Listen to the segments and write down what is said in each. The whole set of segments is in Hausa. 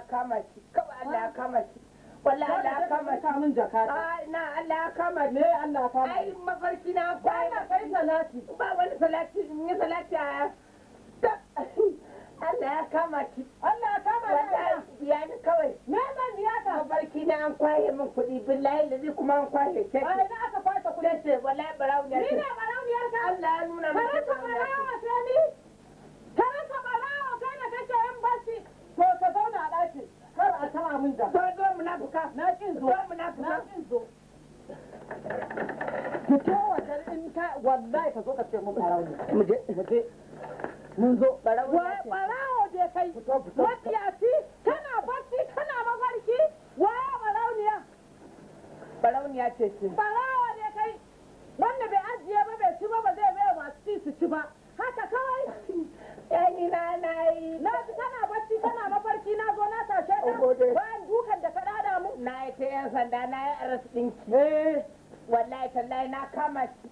ya kama shi kawai Allah ya kama shi wallahi Allah ya kama shi min jakata ah, na Allah ya kama shi ne Allah ya kama ai mafarki na ba na kai salati ba wani salati ni salati a Allah ya kama shi Allah ya kama shi wallahi ya ni kawai me zan biya ka mafarki na an kwaye min kuɗi billahi lazi kuma an kwaye ke ai na aka kwaye kuɗi sai wallahi barauniya ni ne barauniya ka Allah ya nuna min barauniya sai ni a min da. Zo zo munafuka. Na kin zo. Zo munafuka. Na kin zo. Fito in ka wallahi ka zo ka ce mun barawo ne. Mu je mu je. Mun zo barawo. barawo je kai. Fito fito. kana barci kana mafarki. Waya barauniya. Barauniya ce ce. Barawo ne kai. Wanda bai ajiye ba bai ci ba ba zai bai masu ci su ci ba. Haka kawai. Ina na yi. Na ji kana bacci kana mafarki na zo na tashe ka. Bayan dukan da ka dada mu. Na yi ta yan sanda na yi aras ɗinki. Eh. Wallahi tallahi na kama shi.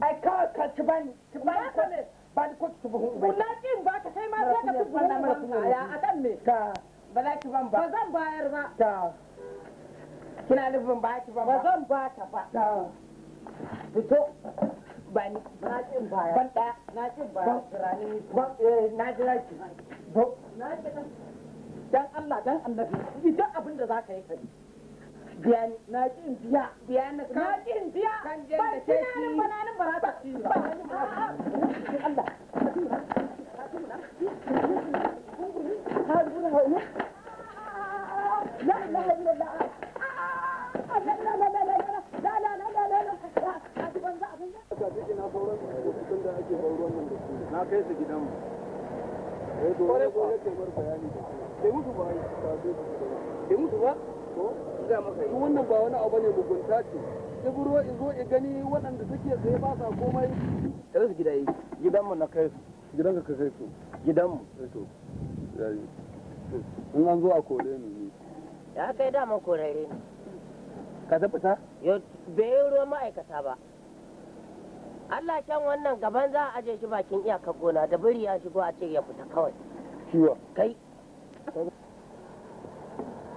Ai kawai ka ci ban ci ban ko ne. Ban ko ci buhun ubai. Kula kin ba ka kai ma sai ka ci buhun ubai. Ya a kan me? Ka. Ba ki ban ba. Ba zan bayar ba. Ka. Kina nufin ba ki ban ba. Ba zan ba ka ba. Ka. Fito. ba ni baya ban da na baya ban na ki bo na dan Allah dan annabi idan abin da zaka yi kai biya ni na biya biya na kan na biya kan je da ce ki ba na nan ba ta ci ba Allah shafi ina sauran rubutun da ake bauron nan su na kai su gidan mu dole eh, dole kai mar bayani da su kai musu ba kai musu ba ko ga maka duk wannan ba wani abu ne mugunta ce ibro izo ya gani waɗanda suke tsaye ba sa komai kai su gida yi mu na kai su gidanka ka kai su gidanmu eh, to yayi in an zo a kore ni ya kai dama korare ne ka tabbata yo bai yi ruwa ma'aikata ba Allah can wannan gaban za a ajiye shi bakin iyakar gona da biri ya shigo a ce ya fita kawai. Kai.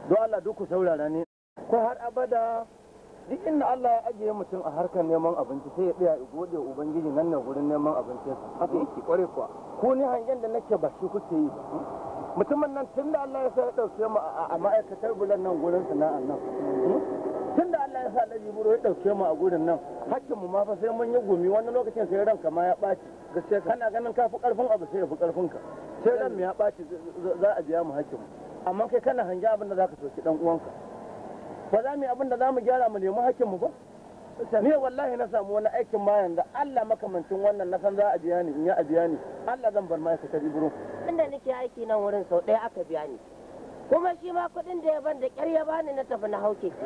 Don Allah duk ku saurara ne. Ko har abada duk inda Allah ya ajiye mutum a harkar neman abinci sai ya tsaya ya gode ubangiji nan ne gurin neman abinci haka yake kware kuwa ko ni hangen da nake ba shi kuke yi mutumin nan tun da Allah ya sa ya dauke mu a ma'aikatar bulan nan gurin sana'an nan hmm? tun da Allah ya sa Alhaji Buru ya dauke mu a gurin nan hakkin mu ma fa sai mun yi gumi wani lokacin sai ranka ma ya ɓaci gaskiya kana ganin ka fi karfin abu sai ya fi karfin ka sai ran mu ya ɓaci za a biya mu hakkin mu amma kai kana hange abin da zaka soki dan uwanka ba za mu yi abin da za mu gyara mu nemi hakkin mu ba ni wallahi na samu wani aikin ma yanzu Allah makamancin wannan na san za a biya ni in ya a biya ni Allah zan bar ma Ibrahim ka tari inda nake aiki nan wurin sau ɗaya aka biya ni kuma shi ma kuɗin da ya ban da ƙyar ya bani na tafi na hauke ke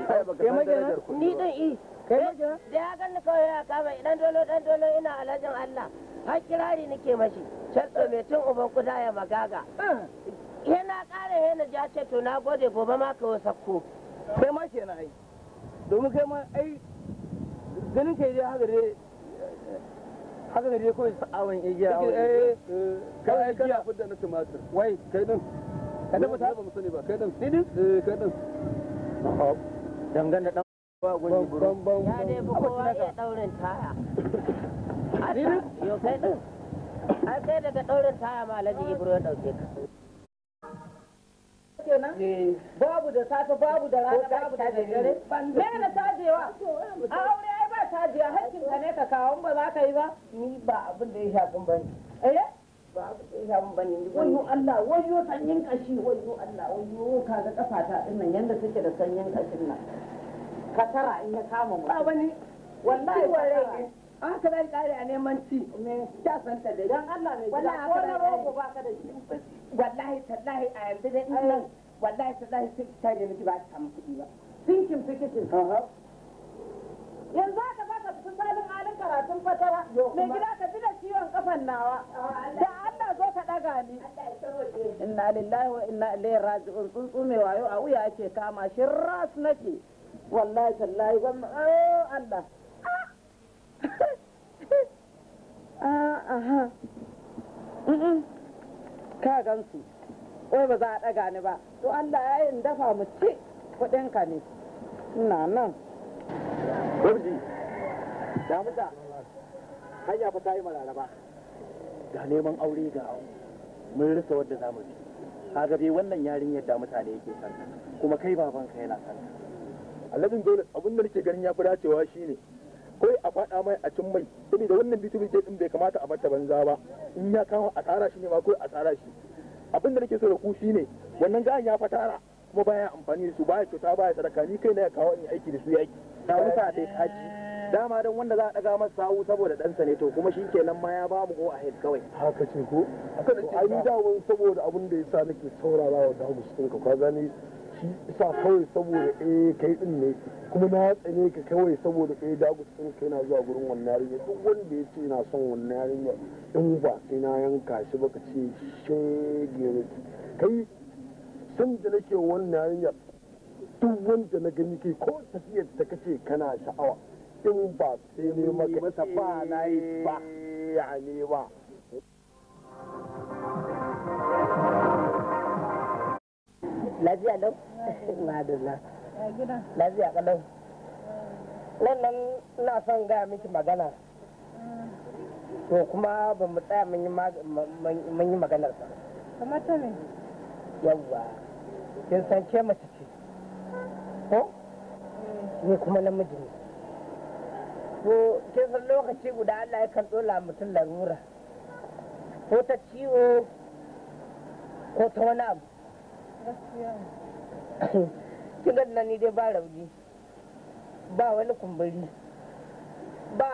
ni din i da ya ganni kawai ya kama idan dolo dan dolo ina alhajin Allah har kirari nake mashi can mai tun uban kuda ya magaga yana ah. ƙara yana ja ce to na gode gobe ma ka sakko kai ma kenan ai domin kai ma ai ganin kai dai haka dai haka dai kawai sa'awan igiya eh, wai kai kana fudda na tumatir wai kai din kada mu ba mu ba da ya dai daurin taya daga daurin taya ibro dauke ka babu da safe babu da rana babu da dare me na sajewa a aure ai ba sajewa hakkin ka ne ka kawo ba za ka yi ba ni ba abin da ya shafin bane eh ba ku sai wayo Allah wayo sanyin kashi wayo Allah wayo ka ga kafa ta din nan yanda take da sanyin kashin nan ka tara in ya kama mu ba bane wallahi wallahi an ka dai kare a neman ci me ta san ta da dan Allah ne wallahi ko na ba ka da shi wallahi tallahi a yanzu dai nan wallahi tallahi sai ta ne miki ba ta samu kuɗi ba thinking thinking yanzu ka ba salin halin karatun fatara mai gida ka ji da ciwon kafan nawa oh, da Allah zo ka daga ni inna lillahi wa inna ilaihi raji'un tsuntsu mai wayo a wuya ake kama shi ras nake wallahi tallahi gwamna oh Allah ah, aha ka gansu wai ba za a daga ni ba to Allah ya yi in dafa mu ci kuɗinka ne ina nan Babji, da musa hanya fa ta yi mararaba ga neman aure ga mun rasa wadda za mu bi kaga dai wannan yarinyar da mutane yake son kuma kai baban ka yana son alhajin dole abin da nake ganin ya fi dacewa shine kai a faɗa mai a cin mai saboda wannan bitubi ke din bai kamata a bata banza ba in ya kawo a tsara shi ne ma kawai a tsara shi abin da nake so da ku shine wannan gayan ya fatara kuma baya amfani da su baya kyauta baya sadaka ni kai na ya kawo in aiki da su yaki na wuta dai kaji dama don wanda za a daga masa sawu saboda ɗansa ne to kuma shi kenan ma ya bamu ko a head kawai haka ce ko ai yi daman saboda abin da yasa nake saurara wa damu sun ka kwa ne shi sa kawai saboda eh kai din ne kuma na tsane ka kawai saboda a eh, dagu sun kai na zuwa gurin wannan yarinya duk wanda ya ce na son wannan yarinya in ba na yanka shi baka ce shege kai sun da nake wannan yarinya duk wanda na gani kai ko tafiyar ta kace kana sha'awa in ba sai ne masa ba na yi ba ya ne ba lafiya don madalla lafiya kalau nan nan na son gaya miki magana to kuma ba mu tsaya mun yi maganar ba kuma ta ne yawwa kin san ce mace ce ko eh. ni kuma namiji ne ko kisan lokaci guda Allah yakan dola mutum larura ko ta ciwo ko ta wani abu kin ga nan ni dai ba rauni ba wani kumburi ba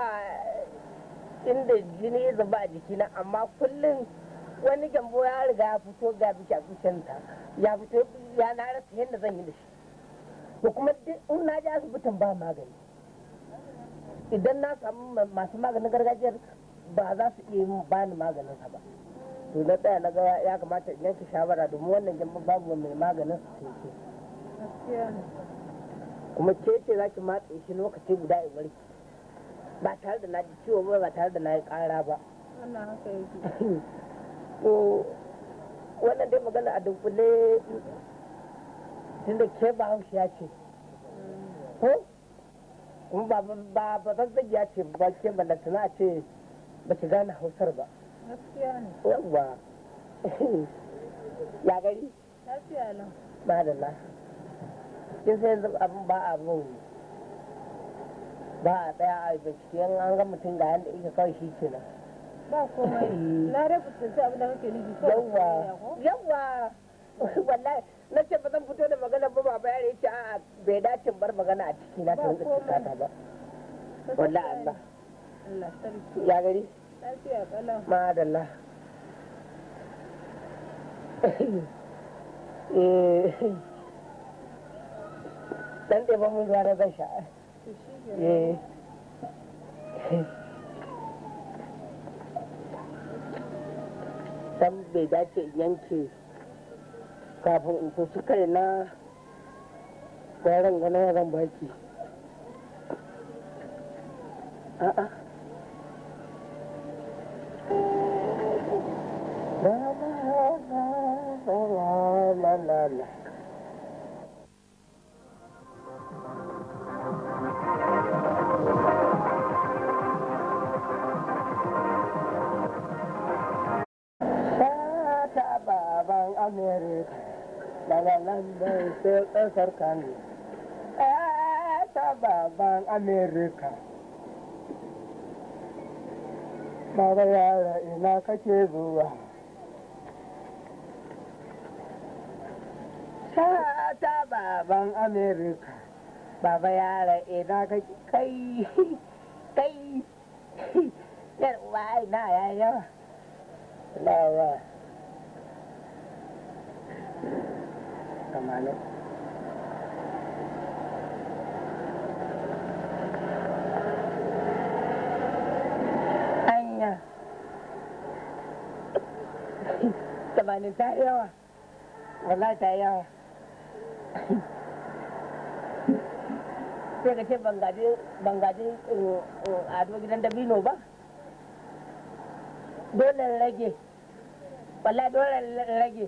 inda jini ya zuba a jikina amma kullum wani gambo ya riga ya fito ga biki a ta ya fito ya na rasa yadda zan yi da shi ko kuma duk in na ji asibitin ba magani idan na samu masu maganin gargajiyar ba za su iya yin bani maganin sa ba to na tsaya na ga ya kamata in yanke shawara domin wannan jama'a babu mai maganin su ce kuma ce ce za ki matse shi lokaci guda in ba tare da na ji ciwo ba ba tare da na yi kara ba wannan dai magana a dunkule tunda ke ba haushiya ce ko kuma ba ba ba zagiya ce ba ke ballantana a ce ba ki gane hausar ba yawwa ya gari ba da kin yanzu abin ba a mun ba a tsaya a yan an ga mutum ga yadda ita kawai shi nan. ba komai na rabu abin da kake yawwa yawwa wallahi na ce ba zan fito da magana ba ba ya ce a bai dace bar magana a ciki na ta rinka cika ta ba wanda Allah ya gari lafiya kalau madalla eh. dan ɗaya ba mun zuwa na zan sha eh. dan bai dace yanke kafin in fushi kai na yaran gana zan baki a'a a london sai kasar kano ta baban america Baba yara ina kake zuwa ta baban america baba yara ina kake kai kai yarwa ina yayawa lawa ประมาณนี้ไอ้เนี่ย tamanin ta yawa wala ta yawa sai ka ce bangaji eh, eh, ado gidan dabino ba dole rage rage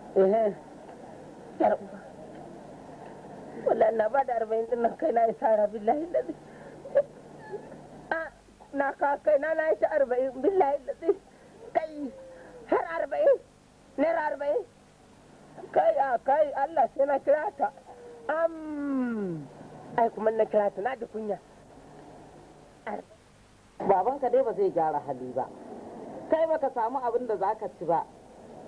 eh yar uba na ba da arba'in din nan kai na yi sara billahi lazi ah, na ka kai na na yi ta arba'in billahi lazi kai har arba'in naira arba'in kai a ah, kai allah sai na kira ta am ai kuma na kira ta na da kunya babanka dai ba zai gyara hali ba kai baka samu abin da zaka ci ba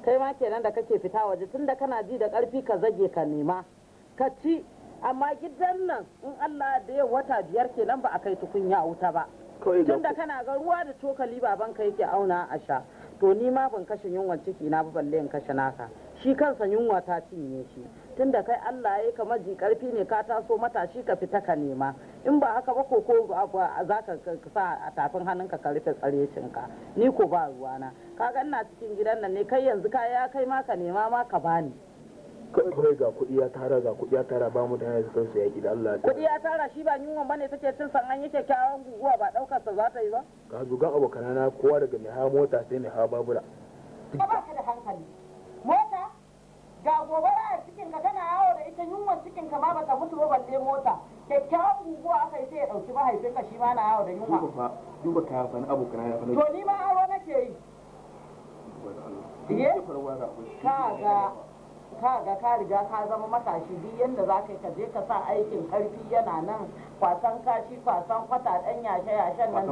kai ma kenan da kake fita waje tun da kana ji da karfi ka zage ka nema ka ci amma gidan nan in Allah da ya wata biyar kenan ba a kai tukunya a wuta ba tun da kana ga ruwa da cokali baban ka yake auna a sha to ni ma ban kashe yunwa ciki na ba balle in kashe naka shi kansa yunwa ta cinye shi tun da kai Allah ya yi kamar ji karfi ne ka taso matashi ka fita ka nema in ba haka ba koko za ka sa a tafin hannun ka rufe tsarecinka ni ko ba ruwana ka ganna cikin gidan nan ne kai yanzu kaya kai ma ka nema ma ka bani kawai ga kuɗi ya tara ga kuɗi ya tara ba mu da yanzu su ya da Allah kuɗi ya tara shi ba yunwan bane take cin san an yi kyakkyawan guguwa ba daukar sa za ta yi ba ka zugan abokanana kowa daga mai ha mota sai mai ha babura ba ka da hankali ga gobe a cikin ka tana yawo da ita yunwan cikin ka ma bata mutu ba balle mota kyakkyawan guguwa aka yi sai ya dauki mahaifinka shi ma na yawo da yunwa ka to ni ma aro nake yi ka ga ka riga ka zama matashi duk yadda za ka je ka sa aikin karfi yana nan kwasan kashi kwasan kwata dan yashe yashen nan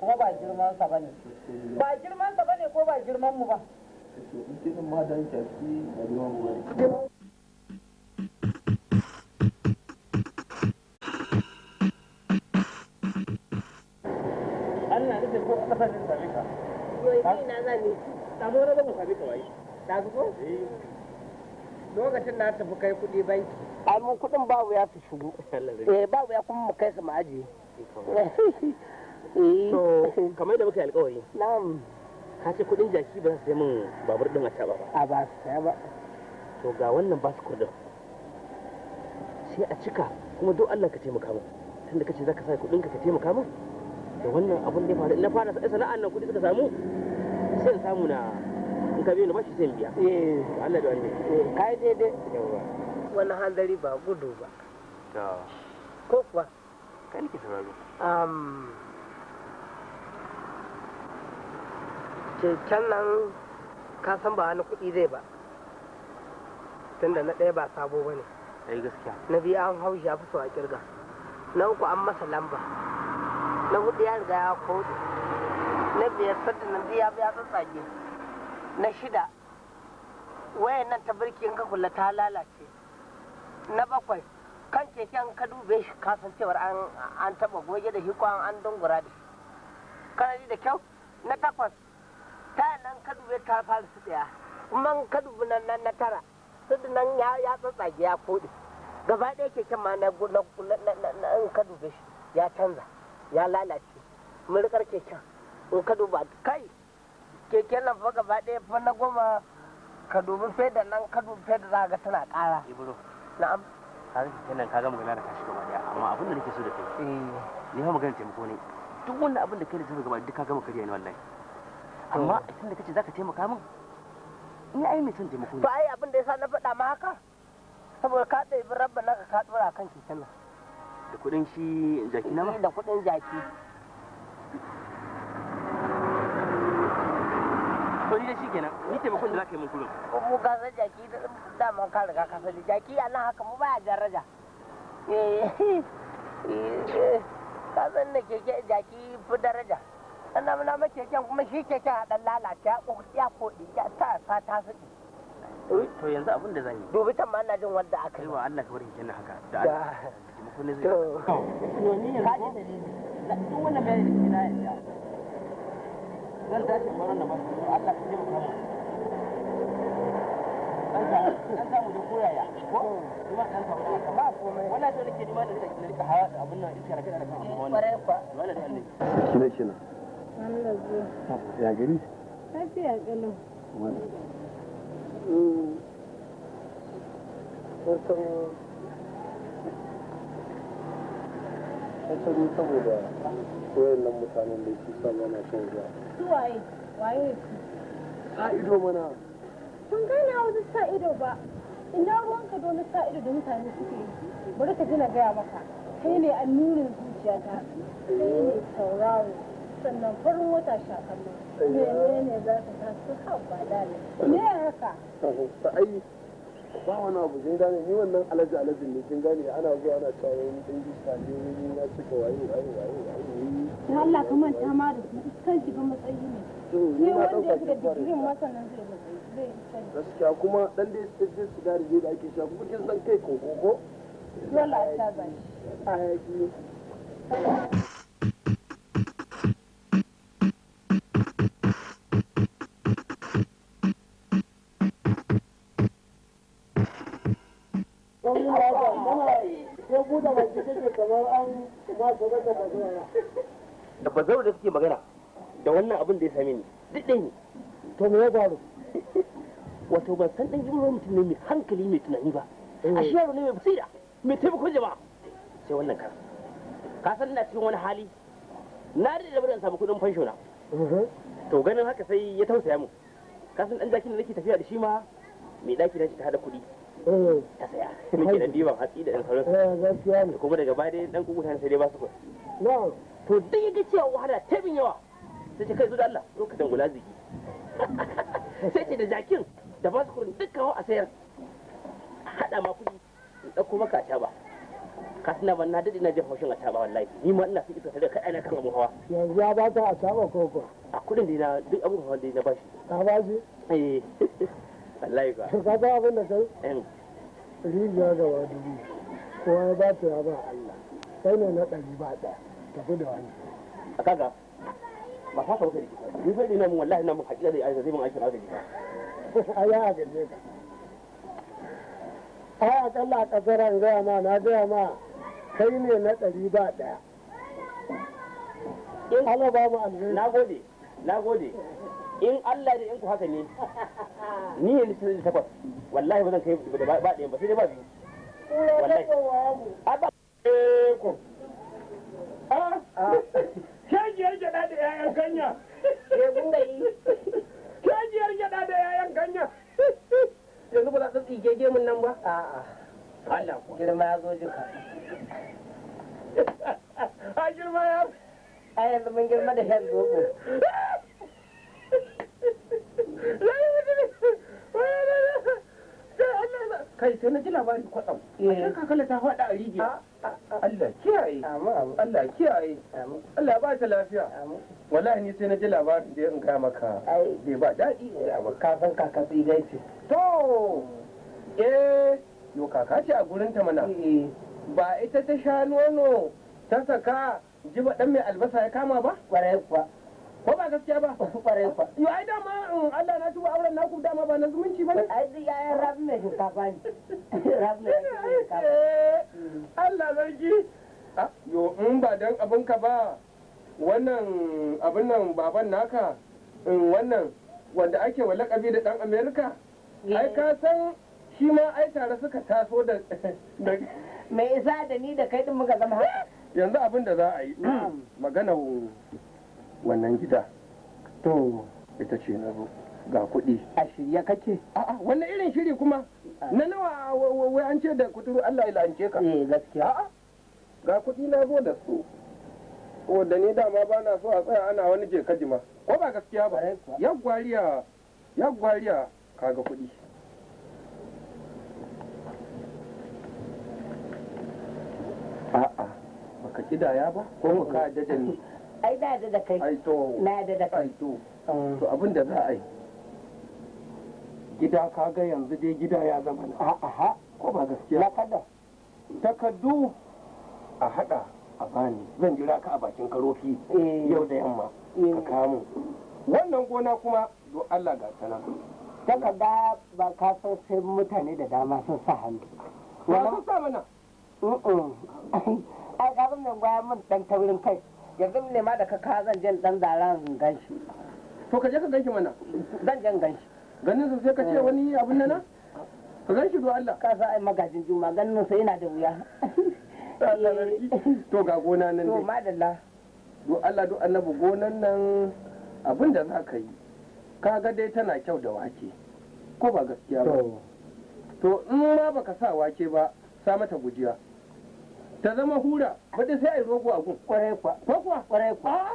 kuma ba girman sa bane ba girman sa bane ko ba girman mu ba girman ma dan ko ba girman mu bane Allah ne ko aka sanin sabi ka yoyi na zani ta zo na ba sabi ka wai ta zo lokacin na tafi kai kuɗi banki amma kuɗin babu ya fi shigo eh babu ya kuma mu kai su ma'aji Eh. to kamar da muka yi alkawari na'am ka ce kudin jaki ba sai mun babur din a ba a ba su saya ba to ga wannan ba su kudin sai a cika kuma do Allah ka taimaka min tunda kace zaka sa kudin ka ka taimaka min da wannan abun da ya faru na fara sana'a nan kudi suka samu sai samu na in ka biyo na bashi sai in biya eh Allah da eh, kai daidai yawa wannan hanzari ba gudu ba ko kuwa sauraro um keken nan ka san ba wani kuɗi zai ba tunda na ɗaya ba sabo ba ne na biyu an hau shi ya fi a kirga na uku an masa lamba na hudu ya riga ya kodi na biyar sadda na biya biya tsatsage na shida wayan nan ta birki in ka kula ta lalace na bakwai kan keken ka dube shi kasancewar an taba goge da shi ko an dungura da shi kana da kyau na takwas kayan nan kadu bai ta fara su daya kuma kadu nan nan na tara su nan ya ya tsatsage ya kodi gaba ɗaya keken ma na kadu shi ya canza ya lalace murkar keken in kadu ba kai keken nan fa gaba ɗaya fa na goma ka dubi da nan ka dubi da za ga tana ƙara ibro na'am ka ga keken nan ka ga magana da kashi gaba ɗaya amma abin da nake so da kai eh ni fa magana taimako ne duk wani abin da kai da zaka gaba duk ka gama kariya ne wallahi amma tun da kace zaka taimaka min ni ai mai son taimako ne ba ai abin da yasa na faɗa ma haka saboda ka ɗebi rabba naka ka ɗora kan keken nan da kuɗin shi jaki na ma da kuɗin jaki to ni da shi kenan ni taimakon da zaka yi min kullum mu ga jaki da dama ka riga ka sani jaki a nan haka mu baya daraja eh, eh eh ka san da keke jaki fi daraja na na mace kuma shi ke a dan lalace ya ko ya ya ta sa ta fidi to yanzu abin da zan yi dubi ta mana jin wanda aka yi wa Allah ka haka da ne zai to ni ka ji duk bai ya zan tashi baron da Allah ka an samu da ko kuma an samu da kama wannan to nake da rika hawa abin nan iska da wannan da Allah Allah zuwa. Ya gani? Lafiya saboda koyon nan mutanen da ke samu na son zuwa. Suwaye, waye su? Sa ido mana. Ban gane wasu sa ido ba. Ina dole sa ido da mutane suke yi. Bari ka gina gaya maka. Kai ne annurin zuciyata. Kai ne sauraro. sannan farin wata shakan nan ne za ka tasu haɓa dale me haka ta ai ba wani abu kin gane ni wannan alaji alaji ne kin gane ana zuwa ana cewa wani ɗan iska ne wani na cika waye waye waye. wayo Allah ka manta ma da su kan shiga matsayi ne ne wanda ya da digirin masanin zai matsayi gaskiya kuma dan dai su je sigari ne da ake sha kuma kin san kai kokoko dole a ta zai a yaki da ba zaure da suke magana da wannan abin da ya sami ni duk ɗaya ne to me ya faru wato ban san ɗan jimro mutum ne mai hankali mai tunani ba eh. a shi yaro ne mai basira mai taimakon jama'a sai wannan kan ka san ina cikin wani hali na da da samu kuɗin fansho na mhm. to ganin haka sai ya tausaya mu ka san ɗan jakin da nake tafiya da shi ma mai ɗaki na shi ta hada kuɗi ta eh. saya sai ke dan diban hatsi da sauran eh, su gaskiya ne kuma daga baya dai dan kukuta sai dai ba su kuɗi na'am to duk yaga cewa wahala ta bin yawa sai ce kai zo da Allah zo ka dangula ziki sai ce da jakin da ba su kuɗi duk kawo a sayar haɗa ma kuɗi in ɗauko maka a ba ka tuna ban na daɗi na jin haushin a taba wallahi ni ma ina son isa tare kaɗai na kan abu hawa yanzu ya ba ta a taba koko a kuɗin da na duk abubuwan da na bashi a bashi eh wallahi ba ka abin da kai eh. rijiya ga wadubi kowa ya dace ya ba Allah kai ne na ɗari ba ɗaya tafi da wani a kaga ba fasa wata rikita ni sai ina mun wallahi na mun haƙiƙa da aisha zai mun aikin arziki a ya a gaje ka ai akalla a ƙasar an gaya ma na gaya ma kai ne na ɗari ba ɗaya eh. Allah ba mu alheri na gode na gode in Allah da in ku haka ne ni ne litin da takwas wallahi ba zan kai ba ba ɗaya ba sai dai ba biyu wallahi a ba ku kejiyar gyada da yayan kanya kejiyar gyada da yayan kanya yanzu ba za ta tsige gemun nan ba a'a Allah girma ya zo duka a girma ya a yanzu mun girma da shan zobo kai sai na ji labari kwatsam eh. ashe kakala ta faɗa a rijiya ah, ah, ah, Allah kiyaye Allah kiyaye Allah ba ta lafiya wallahi ni sai na ji labarin da ya ga maka bai ba daɗi ka san kaka tsigai ce to eh yo kaka ce a gurin ta mana eh, eh. ba ita ta sha nono ta saka jiba dan mai albasa ya kama ba kwarai kuwa ko ba gaskiya ba ku kware ku yo ai ma. Um, Allah na tuba auren naku dama ba na zumunci bane ai duk yayan rabu mai shinkafa bani. rabu mai shinkafa eh, Allah sarki ah, yo in ba dan abun ka ba wannan abun nan baban naka um, wannan wanda ake wa lakabi da dan America ai ka san shi ma ai tare suka taso da me isa da ni da kai din muka zama yanzu abin da za a yi mm. magana wannan gida to ita ce na ga kuɗi a shirya kake a'a wannan irin shiri kuma na nawa wai an ce da kuturu Allah ya lance ka eh gaskiya a'a ga kuɗi na zo da su da ni dama ba na so a tsaya ana wani je ma ko ba gaskiya ba ya gwariya ya gwariya kaga kuɗi a'a baka kidaya ba ko ka jajani ai da da da kai na da da kai to abin da za a yi gida ga yanzu dai gida ya zama na aha ko ba gaskiya na takardu a hada a bani zan jira ka a bakin karofi eh. yau da yamma eh. ka kamu wannan gona kuma do Allah ga sana takarda ba ka san sai mutane da dama sun sa hannu ba sun sa mana ai abin nan gwaya mun dan taurin kai yanzu ne ma da ka ka zan jan dan zaran ganshi to ka je ka ganshi mana zan jan ganshi ganin su sai ka ce wani abun nan ka ganshi do Allah ka sa ai magajin juma ganin su yana da wuya to ga gona nan to madalla do Allah do annabi gonan nan abin da za ka yi ka ga dai tana kyau da wake ko ba gaskiya ba to in ma baka sa wake ba sa mata gujiya ta zama hura wadda sai a yi rogo a gun kwarai kwa ko kwarai kwa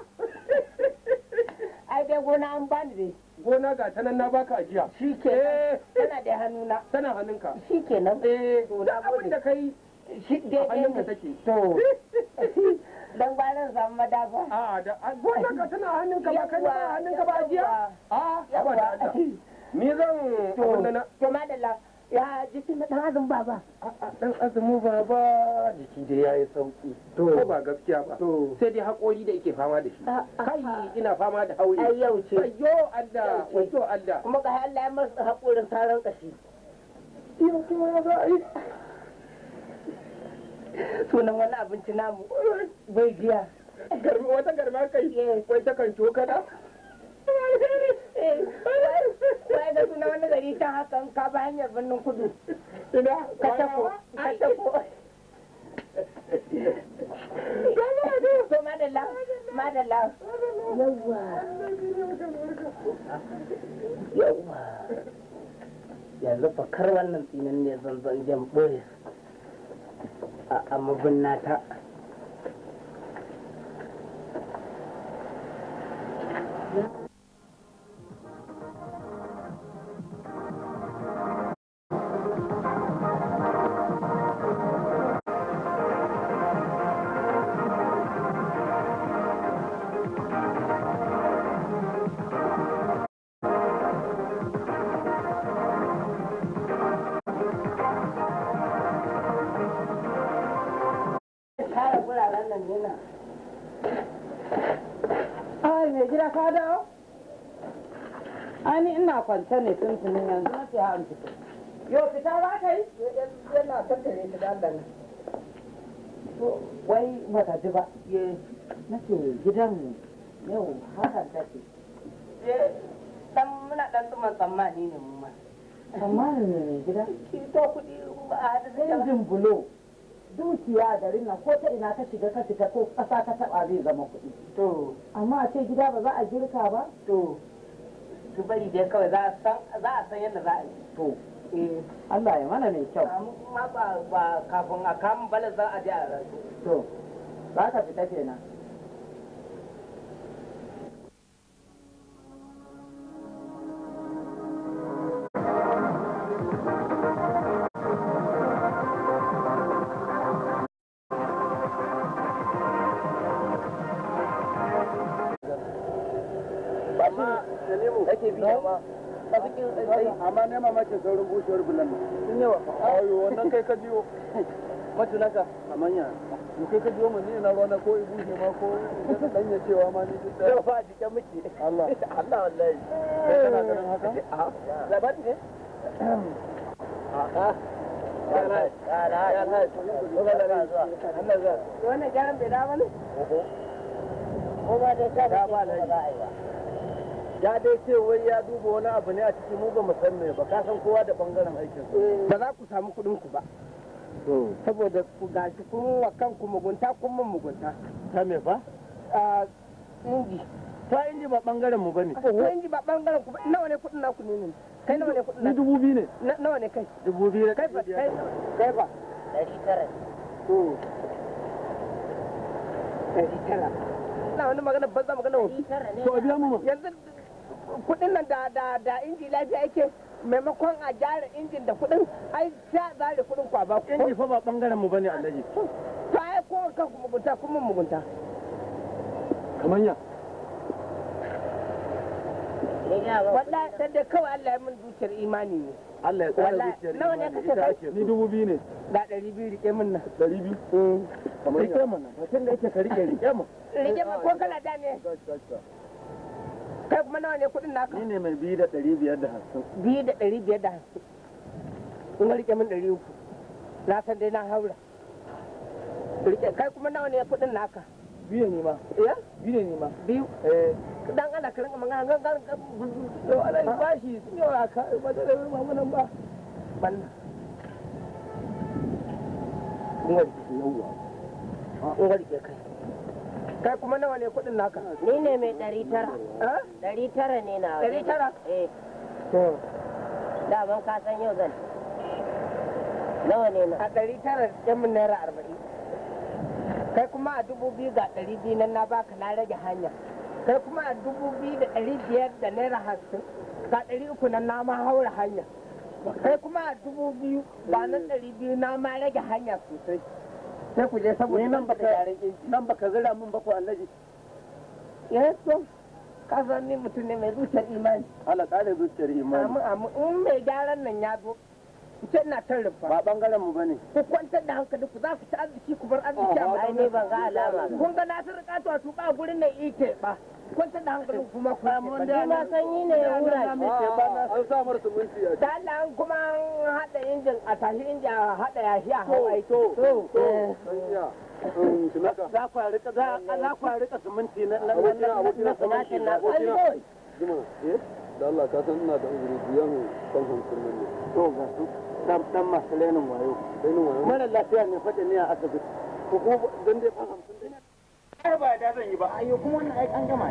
ai dai gona an bani dai gona ga ta nan na baka ajiya shi ke eh. tana da hannuna tana hannunka shi ke nan eh na abin da kai shi dai hannunka take to dan ba zan samu madafa a da gona ga tana hannunka ba kai ba hannunka ba ajiya a ba da ni zan to to madalla ya jiki na dan azumi baba dan azumi baba jiki dai yayi sauki to ba gaskiya ba sai dai hakori da yake fama da shi kai ina fama da hauri ai yau ce ayyo Allah wato Allah kuma ga Allah ya masa hakorin taron kashi yau kuma ya za sunan wani abinci namu bai biya wata garma kai wai ta kan cokada wai da suna wani gari ta hakan ka ba hanyar birnin kudu da ka ka to madalla madalla yanzu fakar wannan tsinin ne zanzan jan boye a binna ta. nan yana ai mai gida ka dawo ani ina kwanta ne tun tuni yanzu na ce an fito yo fita za ka yi yana tattare ta dallan wai mata ji ba na ce gidan yau hakan take dan muna dan tuman tsammani ne mu ma tsammani ne gida ki to kudi ba a da zai jin bulo dukiya garin nan ko ta ina ka shiga ka fita ko ƙasa ka taɓa zai zama kuɗi. To. Amma a ce gida ba za a girka ba? To. Ki bari dai kawai za a san yadda za a yi. To. Eh. Allah ya mana mai kyau. Amma ba kafin a kama bala za a je a rasu. To. Za ka fita kenan. amma ne mamakin saurin bushewar bulan sun yawa ayo wannan kai ka jiyo mace naka a manya kai ka jiyo mu ne na ko ibu ne ma ko da danya cewa ma ni duk da ba Allah Allah wallahi kai kana ganin haka eh, a ah, labari ne a Da dai ce wai ya duba wani abu ne a cikin mu ba mu san me ba ka san kowa da bangaren aikin eh, ba za ku samu kuɗin ku ba hmm. saboda ku gashi kun wa kanku mugunta kun mun mugunta ta me fa a inji ta inji ba bangaren mu bane ta inji ba bangaren ku nawa ne kuɗin naku ne ne kai nawa ne kuɗin naku dubu biyu ne nawa ne kai dubu biyu ne kai ba. kai ba. ɗari tara hmm. ɗari tara na wani magana banza magana wasu to a biya mu yanzu kudin nan da da da inji lafiya yake maimakon a gyara injin da kudin ai sai za da kudin kwa ba inji fa ba bangaren mu bane alhaji to ai ko ka ku mugunta ku mun mugunta kamar ya wallahi sai da kawai Allah ya min zuciyar imani ne Allah ya tsara zuciyar nawa ne kace kai ni dubu biyu ne da ɗari biyu rike min nan ɗari biyu mm. kamar ya rike min nan mutum da yake ka rike rike min rike min ko kana da ne kai kuma nawa ne kudin naka ne mai biyu da ɗari biyar da hamsin biyu da ɗari biyar da hamsin in rike min ɗari uku na san dai na haura rike kai kuma nawa ne kudin naka biyu ne ma iya biyu ne ma biyu eh dan ana karin kuma ga ga ga to ana bashi sun yau aka ba da ruwa mamu nan ba ban kun ga yawa kun ga kai kai kuma nawa ne kudin naka ni ne mai ɗari tara eh? ɗari tara ne na ɗari tara eh da ban ka san yau zan nawa ne na a ɗari tara ɗin mun naira arba'in kai kuma a dubu biyu ga ɗari biyu nan na baka na rage hanya kai kuma a dubu biyu da ɗari biyar da naira hamsin ga ɗari uku nan na ma haura hanya kai kuma a dubu biyu ba nan ɗari biyu na ma rage hanya sosai sai ku je saboda nan baka nan baka zira mun ba ku annabi eh to ka san ni mutum ne mai zuciyar imani Allah kare zuciyar imani amma amma in mai gyaran nan ya zo ku ce ina tan rufa ba bangaren mu bane ku kwantar da hankali ku za ku ci arziki ku bar arziki amma ai ne ban ga alama kun ga na sun to to tuka gurin nan ike ba kwanta da hankalin kuma ku ma sanyi ne ya wura an sa mar suminti a ta an kuma an injin a tashi injin a ya yashi a hawaii to to to eh. za ku rika za ku rika suminti na na na na eh? da Allah ka san ina da uzuri biyan ne to ga su dan masu lenin wayo mara lafiya ne ne a asibiti ko ko dai har ba da zan yi ba ayo kuma wannan ai an gama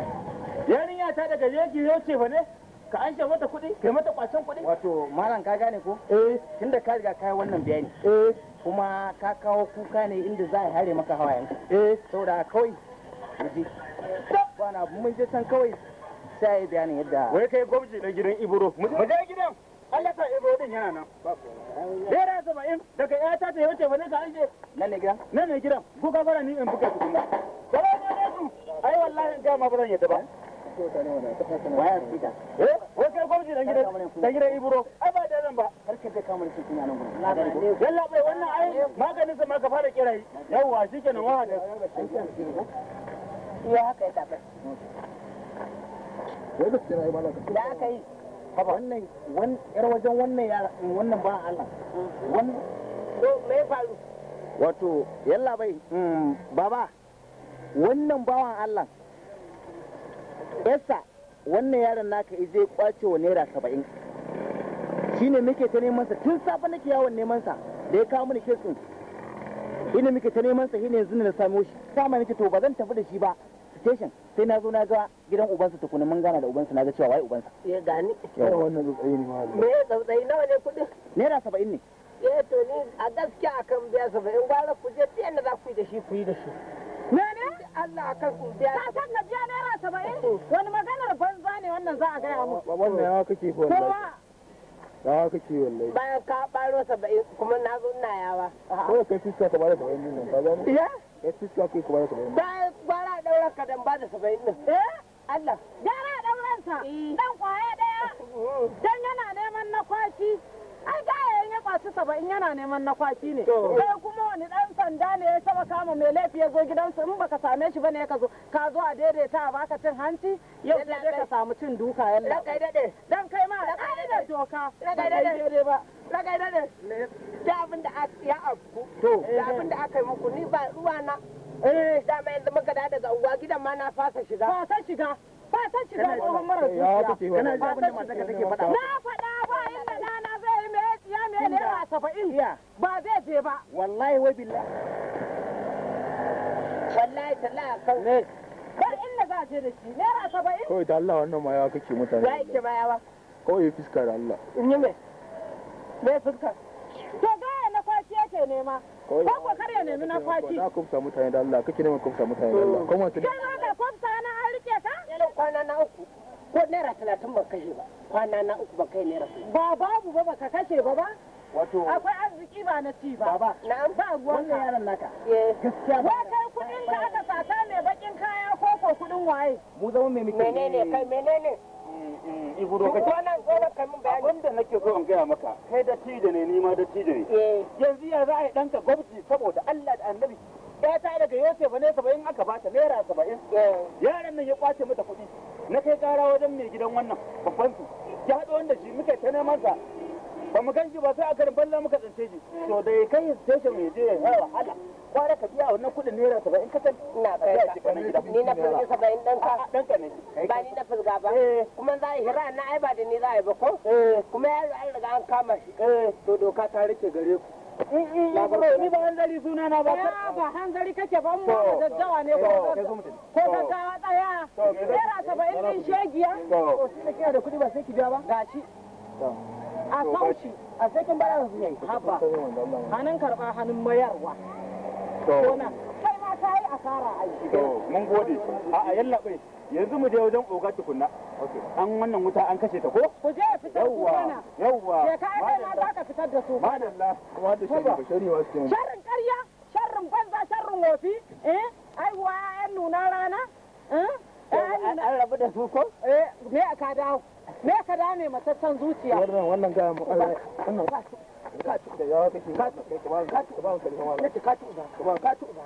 yarinya ta daga yake yau ce fa ne ka anshe mata kuɗi kai mata kwacen kuɗi wato malam ka gane ko eh tunda ka riga kai wannan bayani eh kuma ka kawo kuka ne inda za a hare maka hawayenka eh saboda kawai ji kwana mun je san kawai sai bayanin yadda wai kai gwamji na gidan ibro mu je gidan Allah sa ibo din yana nan naira saba'in daga ya ta yawace ba ne ka aje nan ne gidan nan ne gidan ka ni in buga su kuma ne ne su ai wallahi ga ma bazan yadda ba waya eh wai kai gwamnati dan gidan dan gidan ibro ai ba da nan ba gurin bai wannan ai maganin sa ma ka fara kira yawa shikenan wa da ya haka ya tabbata da aka yi wannan yar wajen wannan yara wannan ba Allah wannan me faru wato yalla bai mm, baba wannan bawan Allah yasa wannan yaron naka ije kwace wa naira saba'in shine muke ta neman sa tun safe nake yawon neman sa da ya kawo mini kitsin ina muke ta neman sa shine yanzu na samo shi sama nake to ba zan tafi da shi ba station sai na zo na ga gidan ubansa tukuna mun gana da ubansa na ga cewa wai ubansa ya gani ya wannan tsautsayi ne ma me tsautsayi nawa ne kudin naira saba'in ne eh to ni a gaskiya akan biya saba'in gwara ku je tiyan da za ku yi da shi ku yi da shi mene Allah kan ku biya ka san ka biya naira saba'in? Mm. wani maganar banza ne wannan za a gaya mu wannan ya kake ko wallahi yawa kake wallahi bayan ka baro 70 kuma na zo ina yawa ko ka fiska ka baro 70 ne ka gani ya fi suka ke kuma rasa bayan ba gwara daura ka dan ba da saba'in nan eh Allah gara dauransa eh. dan kwaya daya eh. dan yana neman na kwashi ai ga ya kwaci saba'in yana neman na kwaci ne sai kuma wani dan sanda ne ya taba kama mai laifi ya zo gidansu in baka same shi bane ka zo ka zo a daidaita a baka cin hanci yau sai dai ka samu cin duka yalla kai dade dan kai ma ai da doka kai dade ba ragai dade da abin da ya to da abin da aka yi muku ni ba ruwa na eh dama yanzu muka da daga uwa gidan ma na fasa shiga fasa shiga fasa shiga ko mara eh, zuciya kana ji abin da mata take faɗa dai naira saba'in ba zai je ba wallahi wai billahi wallahi bar inda za je da shi naira saba'in kawai da Allah wannan ma yawa kake mutane ya ma yawa kawai fiska da Allah in yi me to gaya na fashi yake nema ko kar ya nemi na na kumsa mutane da Allah kake kumsa mutane da Allah kuma kumsa na an ka kwana na uku ko naira talatin ba kashe ba kwana na uku ba kai naira ba babu ba baka kashe ba ba akwai arziki ba na ci ba ba na an ba ruwan ka yaran naka eh. gaskiya ba kai kudin da aka sata mai bakin kaya ko ko kudin waye mu zama mai menene kai eh, eh, ka wannan gona kai ne da yanzu ya za a yi danka gwamnati saboda Allah da Annabi ya ta daga yasef ne saba'in aka ba ta naira saba'in yaran nan ya kwace mata kuɗi na kai kara wajen mai gidan wannan babban su ya haɗu wanda shi muka ta neman sa ba mu gan shi ba sai a karin balla muka tsince shi to da ya kai station mai je ya wahala kwara ka biya wannan kuɗin naira saba'in ka san na kai ni na fulgi saba'in dan ka ka ne ba ni na fulga ba eh. kuma za a yi hira na ai ba da ni za a yi ba ko eh. kuma ya an riga an kama shi eh. to doka ta rike gare ku Eh, eh, eh, ni ba hanzari suna na ba ba hanzari kake ban mu da daddawa ne ko daddawa daya naira saba'in din shegiya to kina da kuɗi ba sai ki biya ba gashi a sauci a sai kin bara su yayi haba hannun karba hannun mayarwa ta yi asara a yi mun gode a a yallaɓe yanzu mu je wajen oga tukunna an wannan wuta an kashe ta ko ku je fitar mana yawwa ka ma za ka fitar da su madalla kuma da shari'a shari'a su sharrin ƙarya sharrin banza sharrin wofi eh ai wa ƴan nuna rana eh an rabu da su ko eh me ka dawo me ka dawo ne zuciya wannan wannan ga mu eh, wannan ka ci da yawa kake ka ci ka ka ci ka ka ci ka ka ci ka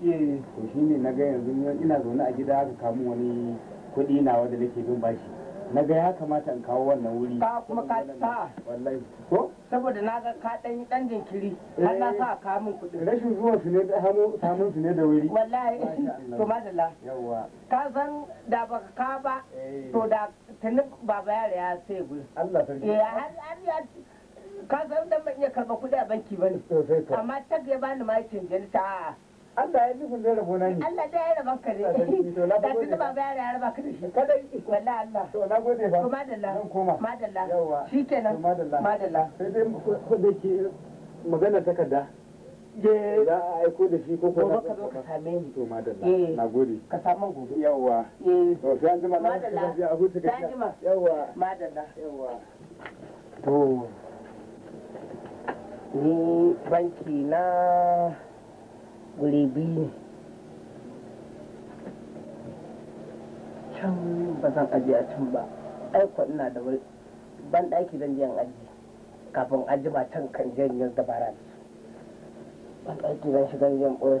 to shi ne na ga yanzu ina zaune a gida aka kamu wani kuɗi nawa da nake bin bashi na ga ya kamata in kawo wannan wuri ka kuma ka ta wallahi ko saboda na ga ka dan dan jinkiri eh. har na sa ka mun kuɗi rashin zuwa su ne hamo samun su ne da wuri wallahi to madalla yawa ka san da ba ka ba eh. to da tuni baba yare ya sai gurin Allah sarki eh har ya ka san dan ban iya karba kuɗi a banki bane amma tag ya bani ma canje ta a'a Allah ya nufin zai Allah ka Da tuni ba ya raba ka da shi. Kada yi. Wallah Allah. To na gode ba. koma. Yawwa. Shi kenan. Sai dai ko da ke magana takarda. Za a aiko da shi ko ko. ka zo ka same ni. To Na gode. Ka samu gobe. Yawwa. To sai an jima. Sai an jima. Yawwa. Yawwa. To. Ni banki na guri biyu can ba zan aje a can ba aiko ina da wani ban ɗaki zan je aji kafin aji ba can kan je yin dabara ban ɗaki zan shiga yin ɓoye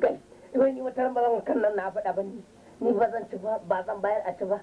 kai wani wata ran kan nan na faɗa ba ni ba zan ci ba ba zan bayar a ci ba